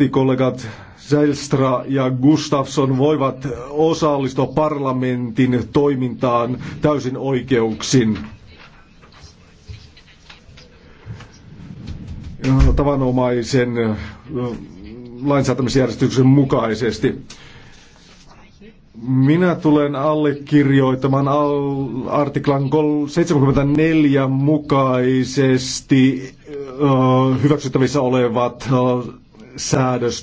Varmasti kollegat Zelstra ja Gustafsson voivat osallistua parlamentin toimintaan täysin oikeuksin. tavanomaisen lainsäätämisjärjestyksen mukaisesti. Minä tulen allekirjoittamaan artiklan 74 mukaisesti hyväksyttävissä olevat säädös